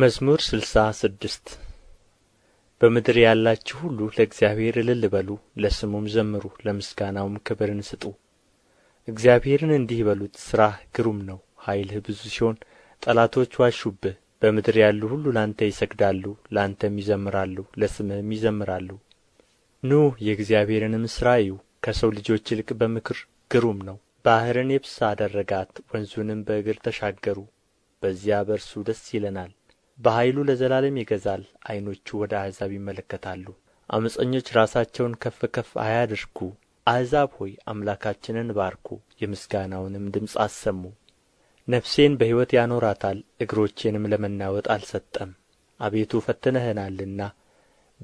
መዝሙር ስልሳ ስድስት በምድር ያላችሁ ሁሉ ለእግዚአብሔር እልል በሉ፣ ለስሙም ዘምሩ፣ ለምስጋናውም ክብርን ስጡ። እግዚአብሔርን እንዲህ በሉት፣ ሥራህ ግሩም ነው፣ ኃይልህ ብዙ ሲሆን ጠላቶች ዋሹብህ። በምድር ያሉ ሁሉ ላንተ ይሰግዳሉ፣ ላንተም ይዘምራሉ፣ ለስምህም ይዘምራሉ። ኑ የእግዚአብሔርንም ሥራ እዩ፣ ከሰው ልጆች ይልቅ በምክር ግሩም ነው። ባሕርን የብስ አደረጋት፣ ወንዙንም በእግር ተሻገሩ፣ በዚያ በእርሱ ደስ ይለናል። በኃይሉ ለዘላለም ይገዛል ዓይኖቹ ወደ አሕዛብ ይመለከታሉ ዓመፀኞች ራሳቸውን ከፍ ከፍ አያድርጉ አሕዛብ ሆይ አምላካችንን ባርኩ የምስጋናውንም ድምፅ አሰሙ ነፍሴን በሕይወት ያኖራታል እግሮቼንም ለመናወጥ አልሰጠም አቤቱ ፈትነህናልና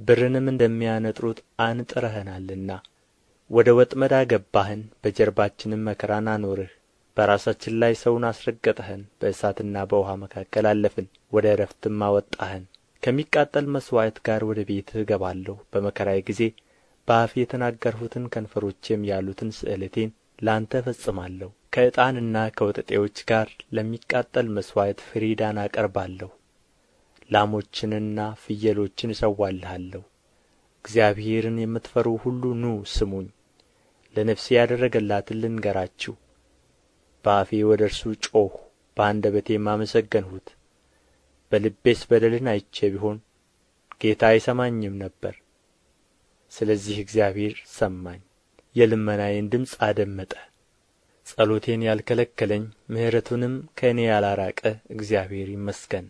ብርንም እንደሚያነጥሩት አንጥረኸናልና ወደ ወጥመድ አገባህን በጀርባችንም መከራን አኖርህ በራሳችን ላይ ሰውን አስረገጠህን በእሳትና በውኃ መካከል አለፍን ወደ ዕረፍትም አወጣኸን ከሚቃጠል መሥዋዕት ጋር ወደ ቤትህ እገባለሁ በመከራዬ ጊዜ በአፍ የተናገርሁትን ከንፈሮቼም ያሉትን ስእለቴን ለአንተ እፈጽማለሁ ከዕጣንና ከወጠጤዎች ጋር ለሚቃጠል መሥዋዕት ፍሪዳን አቀርባለሁ ላሞችንና ፍየሎችን እሰዋልሃለሁ። እግዚአብሔርን የምትፈሩ ሁሉ ኑ ስሙኝ ለነፍሴ ያደረገላትን ልንገራችሁ በአፌ ወደ እርሱ ጮኽሁ በአንደበቴም አመሰገንሁት በልቤስ በደልን አይቼ ቢሆን ጌታ አይሰማኝም ነበር ስለዚህ እግዚአብሔር ሰማኝ የልመናዬን ድምፅ አደመጠ ጸሎቴን ያልከለከለኝ ምሕረቱንም ከእኔ ያላራቀ እግዚአብሔር ይመስገን